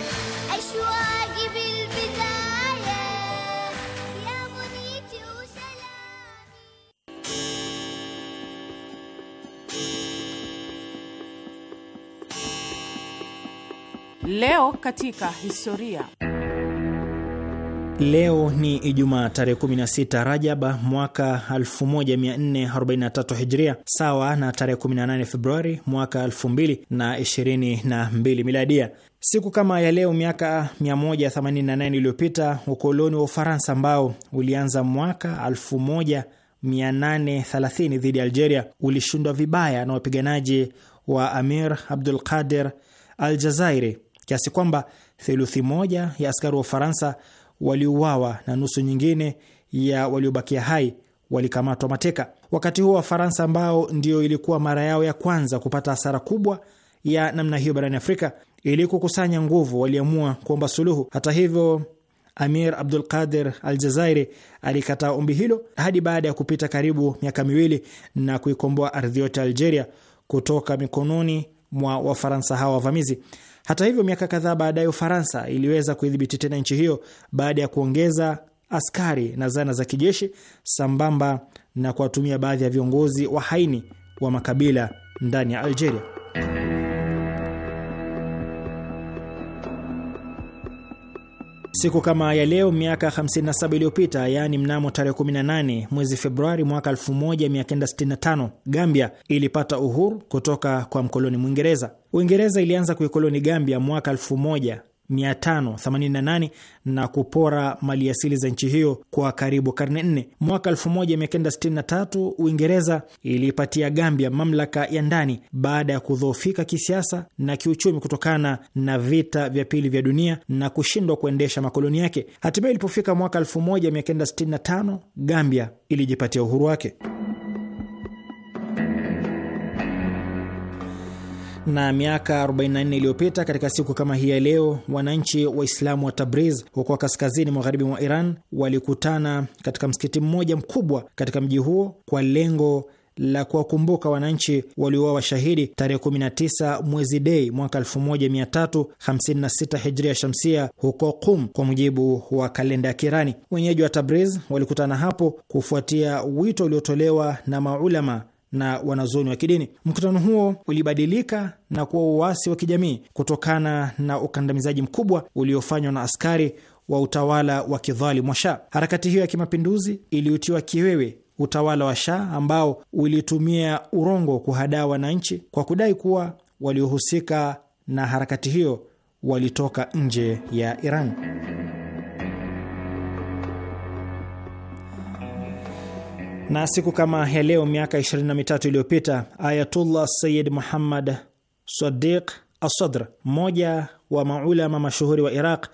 أشواقي بالبداية يا بنيتي وسلامي Leo katika historia Leo ni Ijumaa tarehe 16 Rajaba mwaka 1443 Hijria, sawa na tarehe 18 Februari mwaka 2022 Miladia. Siku kama ya leo miaka 188 iliyopita ukoloni wa Ufaransa ambao ulianza mwaka 1830 dhidi ya Algeria ulishindwa vibaya na wapiganaji wa Amir Abdul Qadir Al Jazairi kiasi kwamba theluthi moja ya askari wa Ufaransa waliuawa na nusu nyingine ya waliobakia hai walikamatwa mateka. Wakati huo Wafaransa, ambao ndio ilikuwa mara yao ya kwanza kupata hasara kubwa ya namna hiyo barani Afrika, ili kukusanya nguvu, waliamua kuomba suluhu. Hata hivyo, Amir Abdul Qadir Al Jazairi alikataa ombi hilo hadi baada ya kupita karibu miaka miwili na kuikomboa ardhi yote Algeria kutoka mikononi mwa Wafaransa hawa wavamizi. Hata hivyo, miaka kadhaa baadaye Ufaransa iliweza kuidhibiti tena nchi hiyo baada ya kuongeza askari na zana za kijeshi sambamba na kuwatumia baadhi ya viongozi wa haini wa makabila ndani ya Algeria. Siku kama ya leo miaka 57 iliyopita, yaani mnamo tarehe 18 mwezi Februari mwaka 1965, Gambia ilipata uhuru kutoka kwa mkoloni Mwingereza. Uingereza ilianza kuikoloni Gambia mwaka 588 na kupora mali asili za nchi hiyo kwa karibu karne nne. Mwaka 1963 Uingereza iliipatia Gambia mamlaka ya ndani baada ya kudhoofika kisiasa na kiuchumi kutokana na vita vya pili vya dunia na kushindwa kuendesha makoloni yake. Hatimaye ilipofika mwaka 1965 Gambia ilijipatia uhuru wake. Na miaka 44 iliyopita katika siku kama hii ya leo, wananchi Waislamu wa Tabriz huko kaskazini magharibi mwa Iran walikutana katika msikiti mmoja mkubwa katika mji huo kwa lengo la kuwakumbuka wananchi waliouawa washahidi tarehe 19 mwezi Dei mwaka 1356 hijria shamsia huko Qum, kwa mujibu wa kalenda ya Kirani. Wenyeji wa Tabriz walikutana hapo kufuatia wito uliotolewa na maulama na wanazoni wa kidini. Mkutano huo ulibadilika na kuwa uasi wa kijamii kutokana na ukandamizaji mkubwa uliofanywa na askari wa utawala wa kidhalimu wa Shah. Harakati hiyo ya kimapinduzi iliutiwa kiwewe utawala wa Shah ambao ulitumia urongo kuhadaa wananchi kwa kudai kuwa waliohusika na harakati hiyo walitoka nje ya Iran. Na siku kama ya leo miaka 23 iliyopita Ayatullah sayid Muhammad Sadiq Asadr, mmoja wa maulama mashuhuri wa Iraq,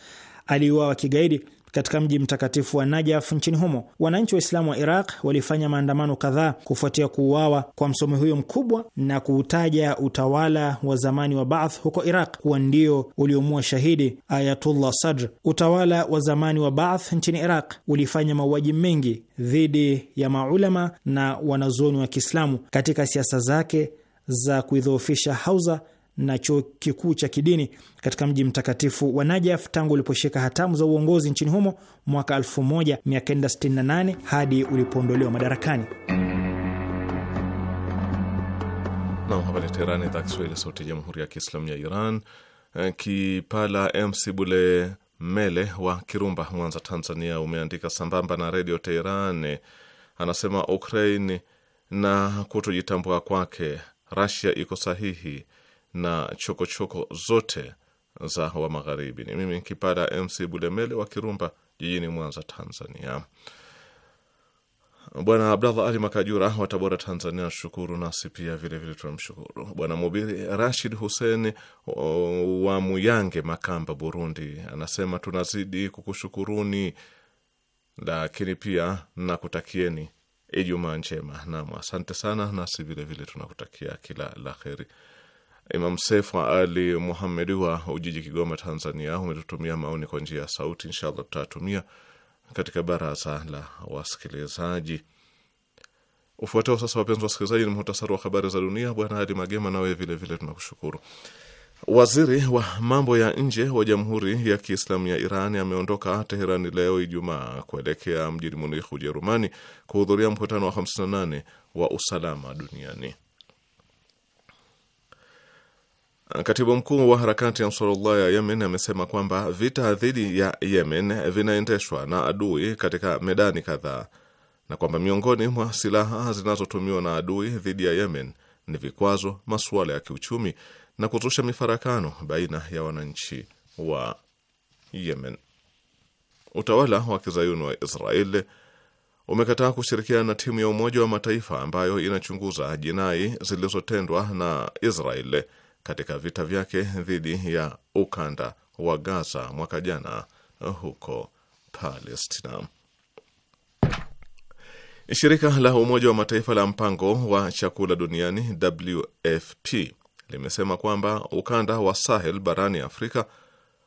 aliuawa kigaidi katika mji mtakatifu wa Najaf nchini humo. Wananchi wa islamu wa Iraq walifanya maandamano kadhaa kufuatia kuuawa kwa msomi huyo mkubwa na kuutaja utawala wa zamani wa Baath huko Iraq kuwa ndio uliomua shahidi Ayatullah Sadr. Utawala wa zamani wa Baath nchini Iraq ulifanya mauaji mengi dhidi ya maulama na wanazuoni wa Kiislamu katika siasa zake za kuidhoofisha hauza na chuo kikuu cha kidini katika mji mtakatifu wa Najaf tangu uliposhika hatamu za uongozi nchini humo mwaka 1968 hadi ulipoondolewa madarakani. Nam, hapa ni Teherani, idhaa Kiswahili, sauti ya jamhuri ya kiislamu ya Iran. Eh, Kipala MC Bule Mele wa Kirumba, Mwanza, Tanzania, umeandika sambamba na redio teheran Anasema ukrain na kutojitambua kwake, Rasia iko sahihi na chokochoko choko zote za wa magharibi. Ni mimi Kipada MC Bulemele wa Kirumba jijini Mwanza, Tanzania. Bwana Abdallah Ali Makajura wa Tabora, Tanzania, nashukuru. Nasi pia vilevile tunamshukuru. Bwana Mubiri Rashid Hussein wa Muyange, Makamba, Burundi, anasema tunazidi kukushukuruni, lakini pia nakutakieni Ijumaa njema. Nam, asante sana. Nasi vilevile tunakutakia kila la heri. Imam Sefa Ali Muhamedi wa Ujiji, Kigoma, Tanzania, umetutumia maoni kwa njia ya sauti. Inshallah tutatumia katika baraza la wasikilizaji. Ufuatao sasa, wapenzi wa wasikilizaji, ni muhtasari wa habari za dunia. Bwana Ali Magema, nawe vilevile tunakushukuru. Waziri wa mambo ya nje wa Jamhuri ya Kiislamu ya Iran ameondoka Teherani leo Ijumaa kuelekea mjini Munich, Ujerumani, kuhudhuria mkutano wa 58 wa usalama duniani. Katibu mkuu wa harakati ya Ansarullah ya Yemen amesema kwamba vita dhidi ya Yemen vinaendeshwa na adui katika medani kadhaa na kwamba miongoni mwa silaha zinazotumiwa na adui dhidi ya Yemen ni vikwazo, masuala ya kiuchumi na kuzusha mifarakano baina ya wananchi wa Yemen. Utawala wa kizayuni wa Israel umekataa kushirikiana na timu ya Umoja wa Mataifa ambayo inachunguza jinai zilizotendwa na Israel katika vita vyake dhidi ya ukanda wa Gaza mwaka jana huko Palestina. Shirika la Umoja wa Mataifa la Mpango wa Chakula Duniani, WFP, limesema kwamba ukanda wa Sahel barani Afrika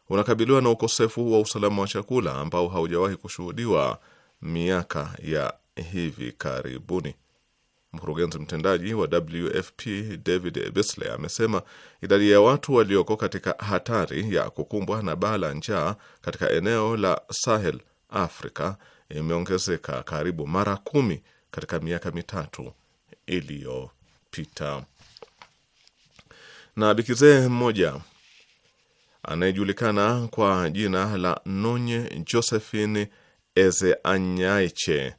unakabiliwa na ukosefu wa usalama wa chakula ambao haujawahi kushuhudiwa miaka ya hivi karibuni. Mkurugenzi mtendaji wa WFP David bisley amesema idadi ya watu walioko katika hatari ya kukumbwa na baa la njaa katika eneo la Sahel Afrika imeongezeka karibu mara kumi katika miaka mitatu iliyopita. Na bikizee mmoja anayejulikana kwa jina la Nonye Josephine Ezeanyaiche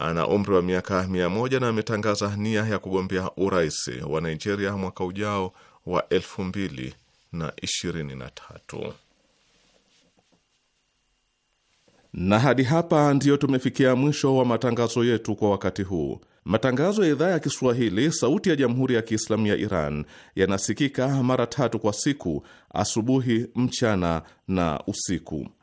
ana umri wa miaka mia moja na ametangaza nia ya kugombea urais wa Nigeria mwaka ujao wa elfu mbili na ishirini na tatu. Na hadi hapa ndiyo tumefikia mwisho wa matangazo yetu kwa wakati huu. Matangazo ya idhaa ya Kiswahili sauti ya jamhuri ya Kiislamu ya Iran yanasikika mara tatu kwa siku: asubuhi, mchana na usiku.